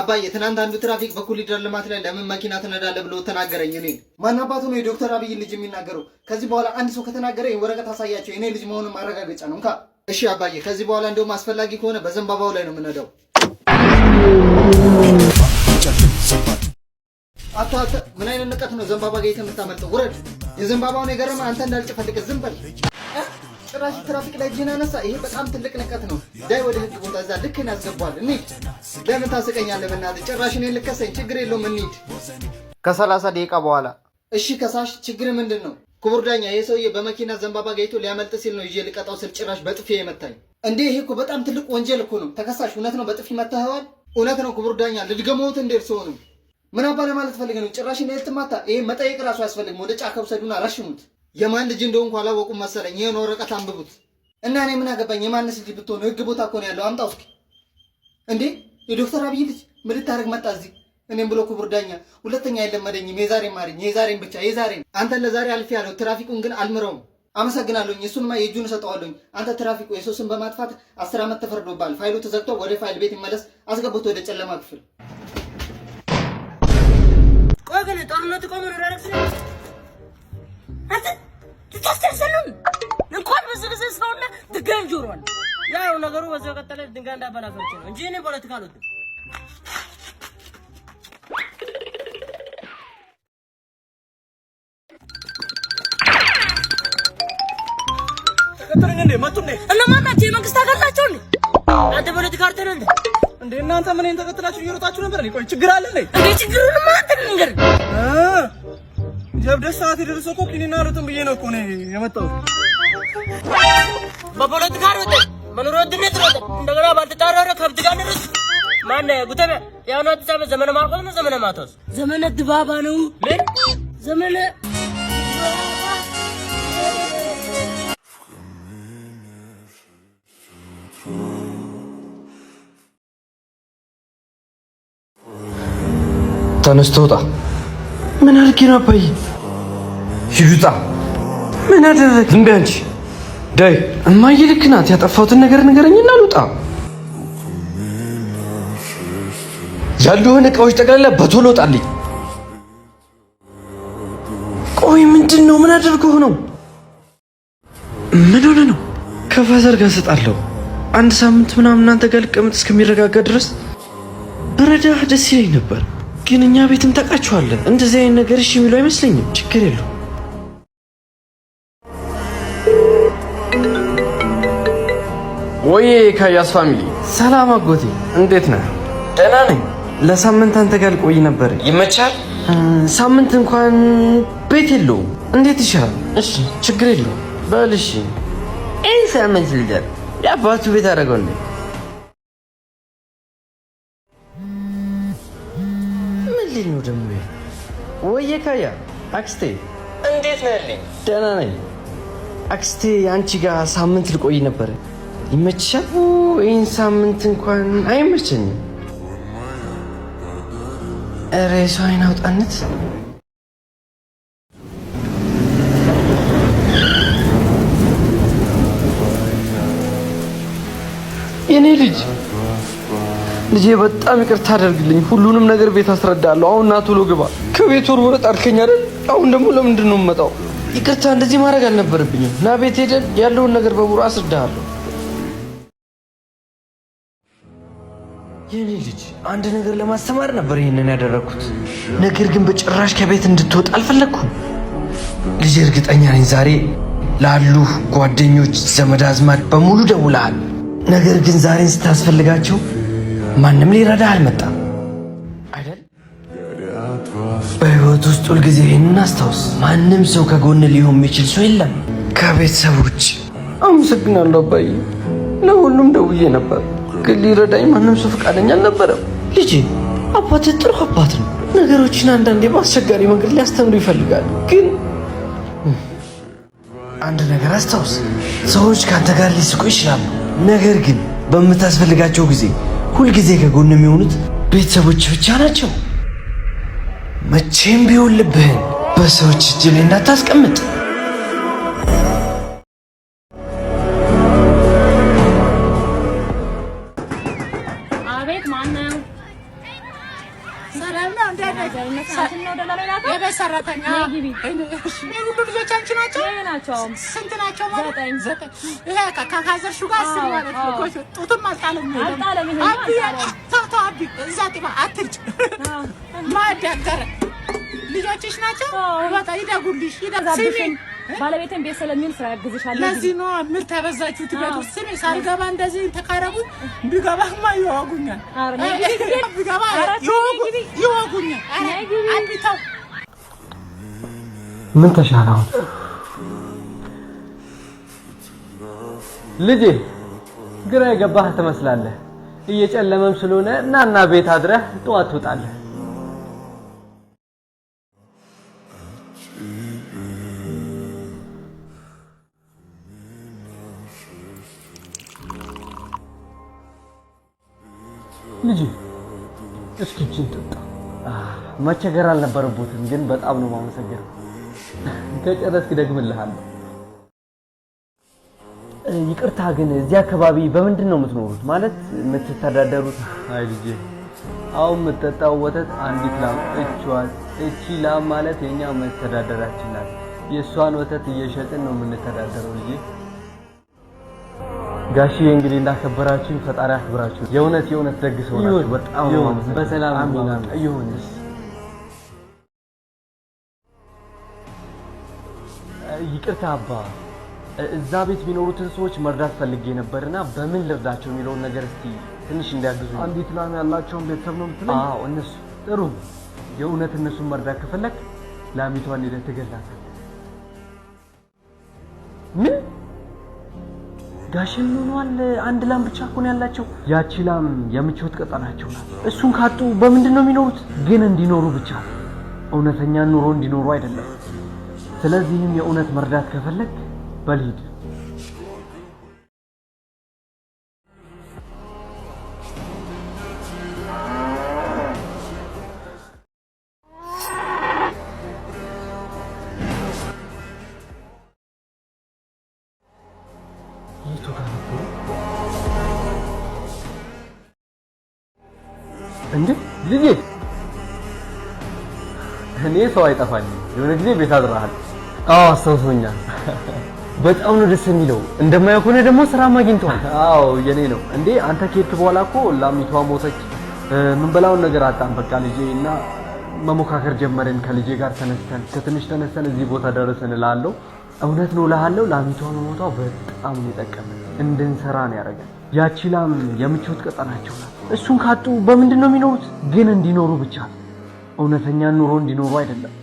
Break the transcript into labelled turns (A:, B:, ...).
A: አባዬ ትናንት አንዱ ትራፊክ በኮሪደር ልማት ላይ ለምን መኪና ትነዳለህ ብሎ ተናገረኝ። እኔ ማን አባቱ ነው የዶክተር አብይ ልጅ የሚናገረው? ከዚህ በኋላ አንድ ሰው ከተናገረ ወረቀት አሳያቸው የኔ ልጅ መሆኑን ማረጋገጫ ነው እንካ። እሺ አባዬ፣ ከዚህ በኋላ እንደውም አስፈላጊ ከሆነ በዘንባባው ላይ ነው የምነዳው። አቶ ምን አይነት ንቀት ነው ዘንባባ ጌት የምታመልጠው? ውረድ። የዘንባባውን የገረመ አንተ እንዳልጭፈልቅ ዝም በል። ጭራሽ ትራፊክ ላይ እጅህን አነሳ። ይሄ በጣም ትልቅ ንቀት ነው። ዳይ ወደ ህግ ቦታ እዛ ልክ ያስገባል። እንሂድ። ለምን ታስቀኛለህ? በእናትህ ጭራሽ እኔን ልከሰኝ። ችግር የለውም እንሂድ።
B: ከሰላሳ ደቂቃ በኋላ
A: እሺ፣ ከሳሽ ችግር ምንድን ነው? ክቡር ዳኛ፣ ይህ ሰውዬ በመኪና ዘንባባ ጋይቶ ሊያመልጥ ሲል ነው ይዤ ልቀጣው ስል ጭራሽ በጥፊ የመታኝ። እንዴ ይሄ እኮ በጣም ትልቅ ወንጀል እኮ ነው። ተከሳሽ፣ እውነት ነው በጥፊ መታኸዋል? እውነት ነው ክቡር ዳኛ፣ ልድገመውት እንደ እርስዎ ነው። ምን አባለ ማለት ፈልገ ነው? ጭራሽ እኔ ልትማታ? ይሄ መጠየቅ ራሱ አያስፈልግም። ወደ ጫካ ውሰዱና ረሽሙት። የማን ልጅ እንደሆንኩ አላወቁም መሰለኝ። ይሄን ወረቀት አንብቡት እና እኔ ምን አገባኝ የማንስ ልጅ ብትሆን፣ ህግ ቦታ እኮ ነው ያለው። አምጣው እስኪ እንዴ! የዶክተር አብይ ልጅ ምን ልታደርግ መጣ እዚህ? እኔም ብሎ ክቡር ዳኛ ሁለተኛ አይለመደኝም። የዛሬም ማርኝ፣ የዛሬም ብቻ የዛሬም። አንተ ለዛሬ አልፌ ያለው ትራፊኩን ግን አልምረውም። አመሰግናለሁኝ። እሱንማ የእጁን እሰጠዋለሁኝ። አንተ ትራፊኩ የሶስን በማጥፋት አስር ዓመት ተፈርዶባል። ፋይሉ ተዘግቶ ወደ ፋይል ቤት ይመለስ። አስገቡት ወደ ጨለማ ክፍል። ቆይ ግን ጦርነቱ ቆመ ነው ስታስተሰሉን እንኳን በዝብዝ ሰውና ድጋሚ ጆሮ አለ። ያው ነገሩ በዛ ቀጠለ። ድንጋይ እንዳበላፈች ነው እንጂ እኔ ፖለቲካ አልወድም። እነማናቸው? የመንግስት አካል ናቸው። አንተ ፖለቲካ እንዴ? እናንተ ምን ተከትላችሁ እየሮጣችሁ ነበር? ቆይ ችግር አለ እንዴ? ችግር ሰዓት የደረሰው እኮ ቂኒና ሩጥን ብዬ ነው እኮ እኔ የመጣሁት። በፖለቲካ ሮጥ፣ በኑሮ ውድነት ሮጥ፣ እንደገና ባልተጣረረ ከብት ጋር ንርስ ማነ ጉተበ የአሁኑ አዲስ አበባ ዘመነ ማርቆስ ነው ዘመነ ማታወስ ዘመነ ድባባ ነው ምን ዘመነ ተነስቶ ምን አድርጌ አባዬ? ሂዱጣ ምን አደረግ? ዝም በይ አንቺ ዳይ። እማዬ ልክ ናት። ያጠፋሁትን ነገር ንገረኝና ልውጣ። ያሉ የሆነ እቃዎች ጠቅላላ በቶሎ ወጣልኝ። ቆይ ምንድን ነው? ምን አደርገው ነው? ምን ሆነ ነው? ከፋዘር ጋር ሰጣለሁ አንድ ሳምንት ምናምን እናንተ ጋር ልቀመጥ እስከሚረጋጋ ድረስ በረዳ ደስ ይለኝ ነበር። ግን እኛ ቤትም ታውቃችኋለን፣ እንደዚህ አይነት ነገር እሺ የሚሉ አይመስለኝም። ችግር የለውም
B: ወይ ከያስ ፋሚሊ
A: ሰላም አጎቴ፣ እንዴት ነህ? ደህና ነኝ። ለሳምንት አንተ ጋር ልቆይ ነበር። ይመቻል? ሳምንት እንኳን ቤት የለውም። እንዴት ይሻላል?
B: እሺ፣ ችግር የለውም።
A: በል እሺ። ይህ ሳምንት ልደር የአባቱ ቤት አደረገው እንዴ? ምን ልል ነው ደግሞ? ወይ ካያ አክስቴ፣
B: እንዴት ነው ያለኝ?
A: ደህና ነኝ አክስቴ። አንቺ ጋር ሳምንት ልቆይ ነበር ይመችሻል። ይህን ሳምንት እንኳን አይመቸኝም። ኧረ የሰው አይን አውጣነት የኔ ልጅ ልጄ በጣም ይቅርታ አደርግልኝ። ሁሉንም ነገር ቤት አስረዳለሁ። አሁን ና ቶሎ ግባ። ከቤት ወርወር ጣልከኝ አይደል? አሁን ደግሞ ለምንድን ነው የምመጣው? ይቅርታ እንደዚህ ማድረግ አልነበረብኝም። ና ቤት ሄደን ያለውን ነገር በሙሉ አስረዳለሁ። የኔ ልጅ አንድ ነገር ለማስተማር ነበር ይህንን ያደረግኩት። ነገር ግን በጭራሽ ከቤት እንድትወጣ አልፈለግኩም። ልጅ እርግጠኛ ነኝ ዛሬ ላሉ ጓደኞች፣ ዘመድ አዝማድ በሙሉ ደውለሃል። ነገር ግን ዛሬን ስታስፈልጋቸው ማንም ሊረዳ አልመጣም አይደል? በህይወት ውስጥ ሁልጊዜ ይህንን አስታውስ። ማንም ሰው ከጎን ሊሆን የሚችል ሰው የለም ከቤተሰብ ውጭ። አመሰግናለሁ አባዬ፣ ለሁሉም ደውዬ ነበር ግን ሊረዳኝ ማንም ሰው ፈቃደኛ አልነበረም። ልጄ አባት ጥሩ አባት ነው። ነገሮችን አንዳንዴ በአስቸጋሪ መንገድ ሊያስተምሩ ይፈልጋል። ግን አንድ ነገር አስታውስ፣ ሰዎች ከአንተ ጋር ሊስቁ ይችላሉ። ነገር ግን በምታስፈልጋቸው ጊዜ ሁልጊዜ ከጎን የሚሆኑት ቤተሰቦች ብቻ ናቸው። መቼም ቢሆን ልብህን በሰዎች እጅ ላይ እንዳታስቀምጥ።
C: ቤቢ
D: ሁሉ ልጆች አንቺ ናቸው ናቸው። ስንት ናቸው? ዘጠኝ ዘጠኝ። ይሄ ከካዘርሽው ጋር አስር ማለት ነው። ጡትም አልጣለም አልጣለም። እዛ ጥባ አትርጭ ማዳገረ ልጆችሽ ናቸው። በቃ ይደጉልሽ፣
C: ይደጉልሽ ባለቤቴን ቤት ስለሚል ስራ ያግዝሻል።
D: ለዚህ ነው ምን ተበዛችሁ ትበቱ ስሜ ሳልገባ እንደዚህ ተካረቡ። ቢገባማ ይዋጉኛል፣ ቢገባ ይዋጉኛል።
C: አይ
A: ምን ተሻለ? አሁን ልጄ ግራ የገባህ ትመስላለህ። እየጨለመም ስለሆነ እናና ቤት አድረህ ጠዋት ትውጣለህ። ልጅ እስኪ ጠጣ። መቸገር አልነበረቦትም፣ ግን በጣም ነው የማመሰግነው። ከጨረስክ ደግምልሃለሁ። ይቅርታ ግን እዚህ አካባቢ በምንድን ነው የምትኖሩት? ማለት የምትተዳደሩት? አይ ልጄ፣ አሁን የምትጠጣው ወተት አንዲት ላም እችዋን። እቺ ላም ማለት የኛ መተዳደራችን ናት። የእሷን ወተት እየሸጥን ነው የምንተዳደረው ልጄ። ጋሺ እንግዲህ እንዳከበራችሁ ፈጣሪ አክብራችሁ። የእውነት የእውነት ደግሰው ናቸው። በጣም በሰላም ይሆን ይቅርታ አባ፣ እዛ ቤት የሚኖሩትን ሰዎች መርዳት ፈልጌ ነበርና በምን ልርዳቸው የሚለውን ነገር እስቲ ትንሽ እንዲያግዙ። አንዲት ላም ያላቸውን ቤተሰብ ነው ምትለ? አዎ እነሱ። ጥሩ። የእውነት እነሱን መርዳት ከፈለግ ላሚቷን ሄደህ ትገላታለህ። ምን ጋሽም ሆኗል? አንድ ላም ብቻ እኮ ነው ያላቸው። ያቺ ላም የምቾት ቀጠናቸው ናት። እሱን ካጡ በምንድን ነው የሚኖሩት? ግን እንዲኖሩ ብቻ፣ እውነተኛ ኑሮ እንዲኖሩ አይደለም ስለዚህም የእውነት መርዳት ከፈለግ በልሂድ እንዴ ልጄ እኔ ሰው አይጠፋኝም። የሆነ ጊዜ ቤት አድረሃል። አዎ አስታውሶኛል። በጣም ነው ደስ የሚለው። እንደማየው ከሆነ ደግሞ ስራ አግኝቷል አዎ የኔ ነው እንዴ አንተ ኬት በኋላ እኮ ላሚቷ ሞተች። ምን ነገር አጣን። በቃ ልጄ እና መሞካከር ጀመርን ከልጄ ጋር ተነስተን ከትንሽ ተነስተን እዚህ ቦታ ደረስን ላለው እውነት ነው እልሃለሁ። ላሚቷ መሞቷ በጣም ነው የጠቀመን። እንድንሰራ ነው ያደረገን። ያቺ ላም የምቾት ቀጠናቸው ናት። እሱን ካጡ በምንድን ነው የሚኖሩት? ግን እንዲኖሩ ብቻ እውነተኛ ኑሮ እንዲኖሩ አይደለም